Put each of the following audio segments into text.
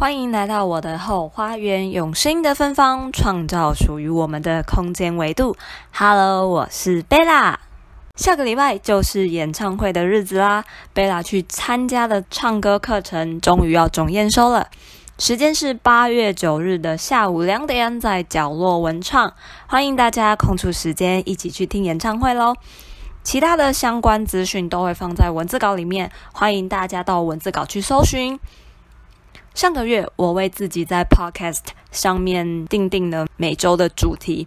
歡迎來到我的後花園，用聲音的芬芳，創造屬於我們的空間維度。Hello，我是貝拉。下個禮拜就是演唱會的日子啦！貝拉去參加的唱歌課程終於要總驗收了，時間是八月九日的下午兩點，在角落文唱。歡迎大家空出時間一起去聽演唱會嘍！其他的相關資訊都會放在文字稿裡面，歡迎大家到文字稿去搜尋。上個月，我為自己在 Podcast 上面訂定了每週的主題，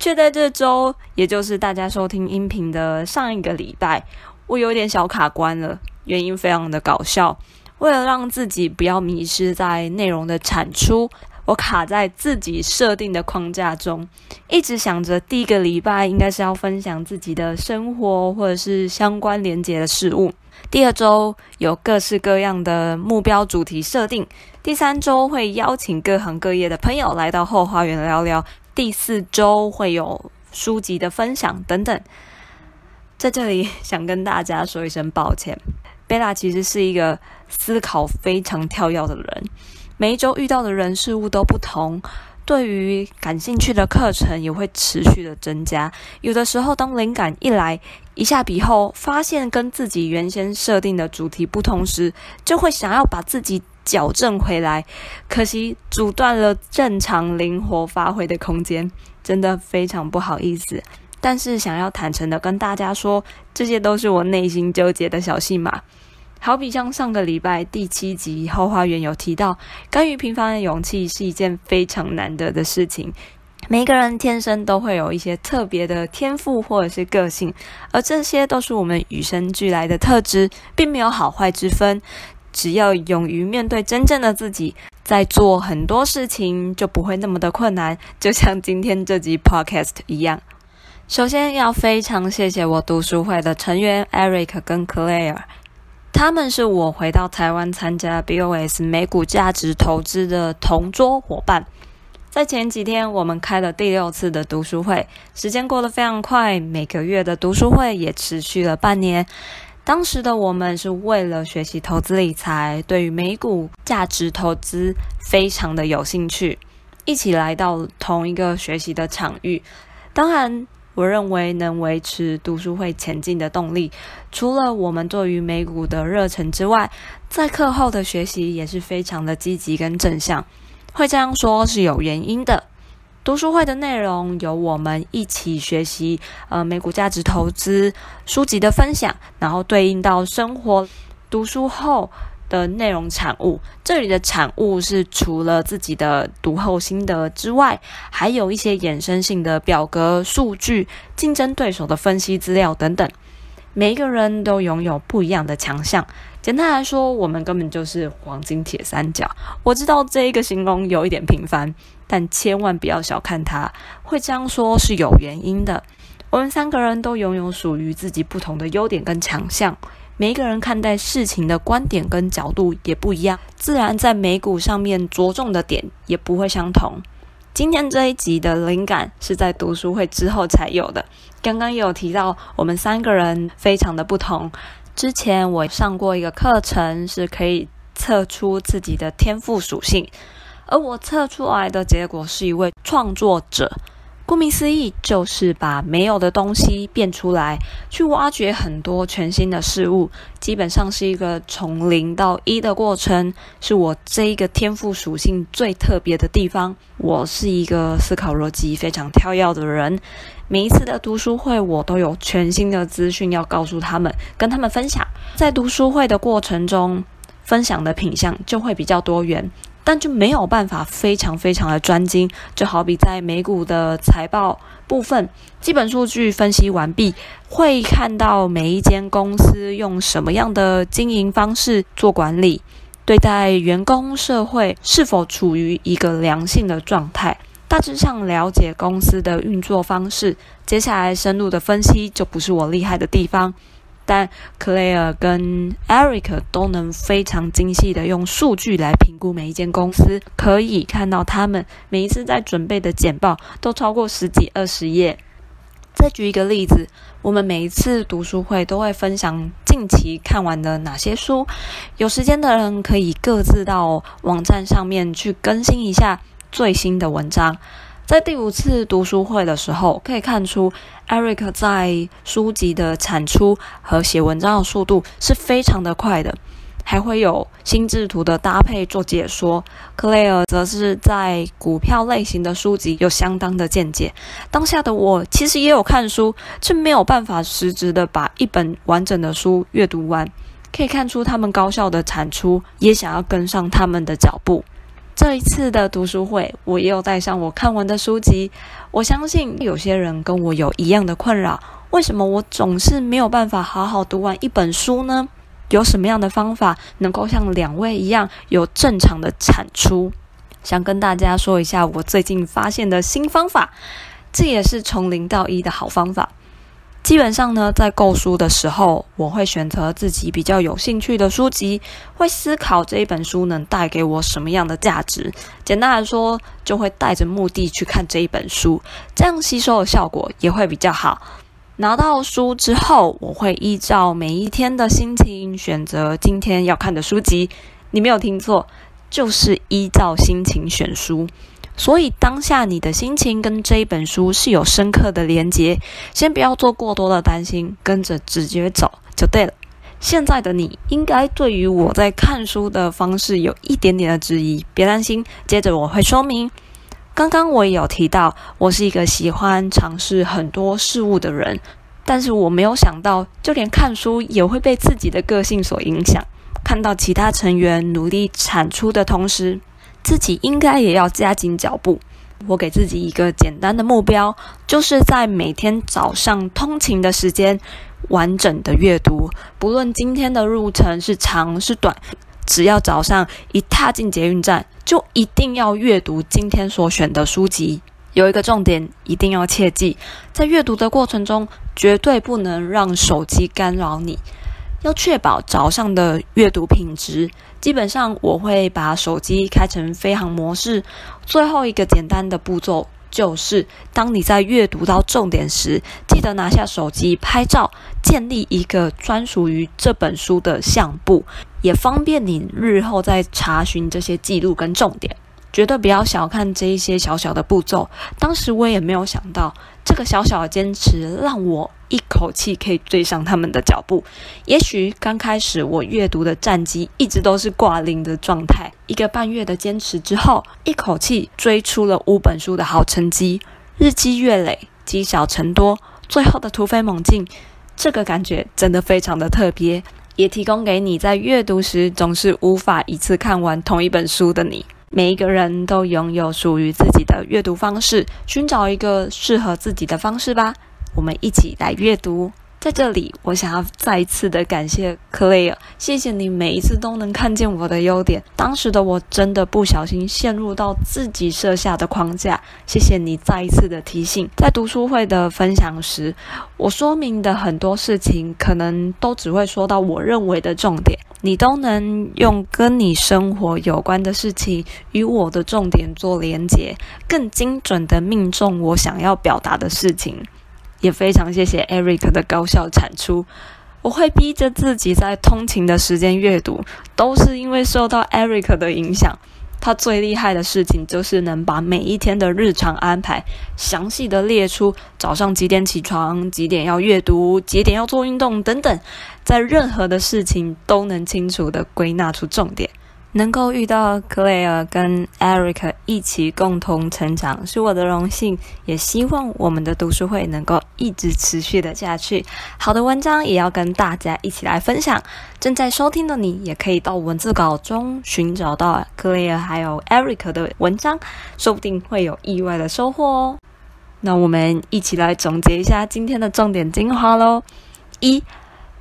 卻在這週，也就是大家收聽音頻的上一個禮拜，我有點小卡關了。原因非常的搞笑。為了讓自己不要迷失在內容的產出，我卡在自己設定的框架中，一直想着第一個禮拜應該是要分享自己的生活或者是相關聯結的事物。第二週有各式各樣的目標主題設定，第三週會邀請各行各業的朋友來到後花園聊聊，第四週會有書籍的分享等等。在這裡想跟大家說一聲抱歉，貝拉其實是一個思考非常跳躍的人，每一周遇到的人事物都不同。對於感興趣的課程也會持續的增加。有的時候，當靈感一來，一下筆後發現跟自己原先設定的主題不同時，就會想要把自己矯正回來，可惜阻斷了正常靈活發揮的空間，真的非常不好意思。但是，想要坦誠的跟大家說，這些都是我內心糾結的小戲碼。好比像上個禮拜第七集《後花園》有提到，甘於平凡的勇氣是一件非常難得的事情。每個人天生都會有一些特別的天賦或者是個性，而這些都是我們與生俱來的特質，並沒有好壞之分。只要勇於面對真正的自己，再做很多事情就不會那麼的困難。就像今天這集 Podcast 一樣，首先要非常謝謝我讀書會的成員 Eric 跟 Claire。他們是我回到台灣參加 BOS 美股價值投資的同桌夥伴，在前幾天我們開了第六次的讀書會，時間過得非常快，每個月的讀書會也持續了半年。當時的我們是為了學習投資理財，對於美股價值投資非常的有興趣，一起來到同一個學習的場域。當然，我認為能維持讀書會前進的動力，除了我們對於美股的熱忱之外，在課後的學習也是非常的積極跟正向。會這樣說是有原因的，讀書會的內容由我們一起學習，呃，美股價值投資書籍的分享，然後對應到生活讀書後的內容產物，這裡的產物是除了自己的讀後心得之外，還有一些衍生性的表格、數據、競爭對手的分析資料等等。每一個人都擁有不一樣的強項。簡單來說，我們根本就是黃金鐵三角。我知道這一個形容有一點平凡，但千萬不要小看它。會這樣說是有原因的。我們三個人都擁有屬於自己不同的優點跟強項。每一個人看待事情的觀點跟角度也不一樣，自然在美股上面着重的點也不會相同。今天這一集的靈感是在讀書會之後才有的。剛剛有提到我們三個人非常的不同。之前我上過一個課程，是可以測出自己的天賦屬性，而我測出來的結果是一位創作者。顧名思義，就是把沒有的東西變出來，去挖掘很多全新的事物。基本上是一個從零到一的過程，是我這一個天賦屬性最特別的地方。我是一個思考邏輯非常跳躍的人，每一次的讀書會，我都有全新的資訊要告訴他們，跟他們分享。在讀書會的過程中，分享的品項就會比較多元。但就沒有辦法非常非常的專精，就好比在美股的財報部分，基本數據分析完畢，會看到每一間公司用什麼樣的經營方式做管理，對待員工社會是否處於一個良性的狀態，大致上了解公司的運作方式，接下來深入的分析就不是我厲害的地方。但克萊爾跟艾瑞克都能非常精細地用數據來評估每一間公司，可以看到他們每一次在準備的簡報都超過十幾二十頁。再舉一個例子，我們每一次讀書會都會分享近期看完了哪些書，有時間的人可以各自到網站上面去更新一下最新的文章。在第五次讀書會的時候，可以看出 Eric 在書籍的產出和寫文章的速度是非常的快的，還會有心智圖的搭配做解說。Claire 則是在股票類型的書籍有相當的見解。當下的我其實也有看書，卻沒有辦法實質的把一本完整的書閱讀完。可以看出他們高效的產出，也想要跟上他們的腳步。這一次的讀書會，我也有帶上我看完的書籍。我相信有些人跟我有一樣的困擾：為什麼我總是沒有辦法好好讀完一本書呢？有什麼樣的方法能夠像兩位一樣有正常的產出？想跟大家說一下我最近發現的新方法，這也是從零到一的好方法。基本上呢，在購書的時候，我會選擇自己比較有興趣的書籍，會思考這一本書能帶給我什麼樣的價值。簡單來說，就會帶着目的去看這一本書，這樣吸收的效果也會比較好。拿到書之後，我會依照每一天的心情選擇今天要看的書籍。你沒有聽錯，就是依照心情選書。所以當下你的心情跟這本書是有深刻的連結，先不要做過多的擔心，跟着直覺走就對了。現在的你應該對於我在看書的方式有一點點的質疑，別擔心，接着我會說明。剛剛我也有提到，我是一個喜歡嘗試很多事物的人，但是我沒有想到，就連看書也會被自己的個性所影響。看到其他成員努力產出的同時，自己應該也要加緊腳步。我給自己一個簡單的目標，就是在每天早上通勤的時間，完整的閱讀。不論今天的路程是長是短，只要早上一踏進捷運站，就一定要閱讀今天所選的書籍。有一個重點，一定要切記，在閱讀的過程中，絕對不能讓手機干擾你。要確保早上的閱讀品質，基本上我會把手機開成飛航模式。最後一個簡單的步驟就是，當你在閱讀到重點時，記得拿下手機拍照，建立一個專屬於這本書的相簿，也方便你日後再查詢這些記錄跟重點。絕對不要小看這一些小小的步驟。當時我也沒有想到，這個小小的堅持讓我一口氣可以追上他們的腳步。也許剛開始我閱讀的戰績一直都是掛零的狀態，一個半月的堅持之後，一口氣追出了五本書的好成績。日積月累，積少成多，最後的突飛猛進，這個感覺真的非常的特別，也提供給你在閱讀時總是無法一次看完同一本書的你。每一個人都擁有屬於自己的閱讀方式，尋找一個適合自己的方式吧。我們一起來閱讀。在這裡，我想要再一次的感謝 Claire，謝謝你每一次都能看見我的優點。當時的我真的不小心陷入到自己設下的框架，謝謝你再一次的提醒。在讀書會的分享時，我說明的很多事情可能都只會說到我認為的重點。你都能用跟你生活有關的事情與我的重點做連結，更精準的命中我想要表達的事情。也非常謝謝 Eric 的高效產出，我會逼着自己在通勤的時間閱讀，都是因為受到 Eric 的影響。他最厲害的事情，就是能把每一天的日常安排詳細的列出，早上幾點起床，幾點要閱讀，幾點要做運動等等，在任何的事情都能清楚的歸納出重點。能夠遇到 Claire 跟 Eric 一起共同成長，是我的榮幸，也希望我們的讀書會能夠一直持續的下去。好的文章也要跟大家一起來分享，正在收聽的你也可以到文字稿中尋找到 Claire 還有 Eric 的文章，說不定會有意外的收穫哦。那我們一起來總結一下今天的重點精華嘍：一、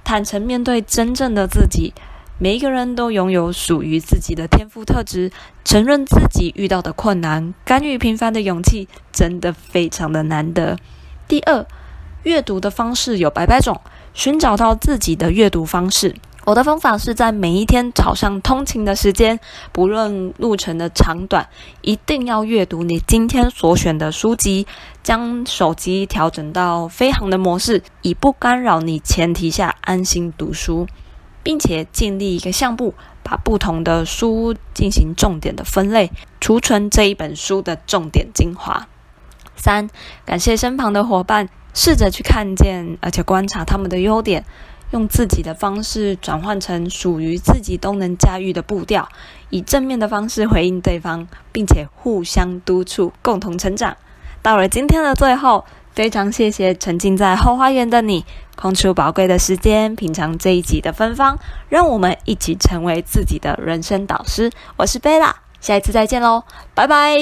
坦誠面對真正的自己。每一個人都擁有屬於自己的天賦特質，承認自己遇到的困難，甘於平凡的勇氣，真的非常的難得。第二，閱讀的方式有百百種，尋找到自己的閱讀方式。我的方法是在每一天早上通勤的時間，不論路程的長短，一定要閱讀你今天所選的書籍。將手機調整到飛行的模式，以不干擾你前提下安心讀書。並且建立一個項目，把不同的書進行重點的分類儲存，這一本書的重點精華。三，感謝身旁的伙伴，試着去看見，而且觀察他們的優點，用自己的方式轉換成屬於自己都能駕馭的步調，以正面的方式回應對方，並且互相督促，共同成長。到了今天的最後。非常謝謝沉浸在 Hoo 花園的你，空出寶貴的時間品嘗這一集的芬芳，讓我們一起成為自己的人生導師。我是貝拉，下一次再見嘍，拜拜。